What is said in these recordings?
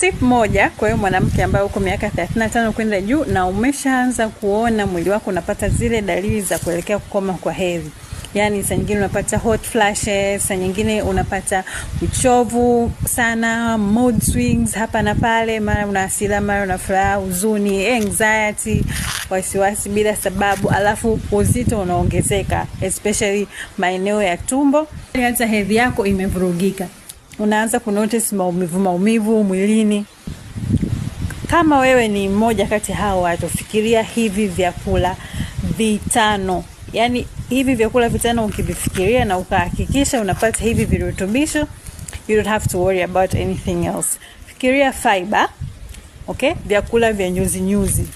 Tip moja kwa hiyo mwanamke ambaye uko miaka 35 kwenda juu na umeshaanza kuona mwili wako unapata zile dalili za kuelekea kukoma kwa hedhi, yaani saa nyingine unapata hot flashes, saa nyingine unapata uchovu sana, mood swings hapa na pale, mara una hasira, mara una furaha, huzuni, anxiety, wasiwasi bila sababu, alafu uzito unaongezeka especially maeneo ya tumbo, hata hedhi yako imevurugika unaanza kunotice maumivu maumivu mwilini. Kama wewe ni mmoja kati hao watu, fikiria hivi vyakula vitano, yaani hivi vyakula vitano ukivifikiria na ukahakikisha unapata hivi virutubisho, you don't have to worry about anything else. Fikiria fiber, okay, vyakula vya nyuzi nyuzi.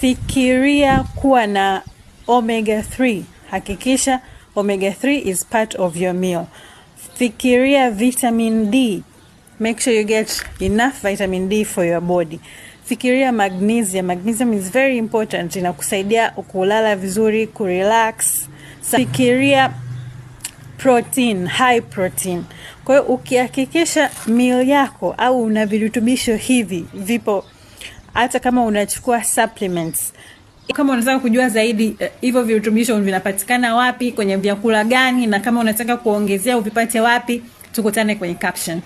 Fikiria kuwa na omega 3, hakikisha omega 3 is part of your meal. Fikiria vitamin D. Make sure you get enough vitamin D for your body. Fikiria magnesium. Magnesium is very important, inakusaidia kulala vizuri, kurelax. Fikiria protein, high protein. Kwa hiyo ukihakikisha meal yako au una virutubisho hivi vipo, hata kama unachukua supplements kama unataka kujua zaidi eh, hivyo uh, virutubisho vinapatikana wapi, kwenye vyakula gani, na kama unataka kuongezea uvipate wapi, tukutane kwenye caption.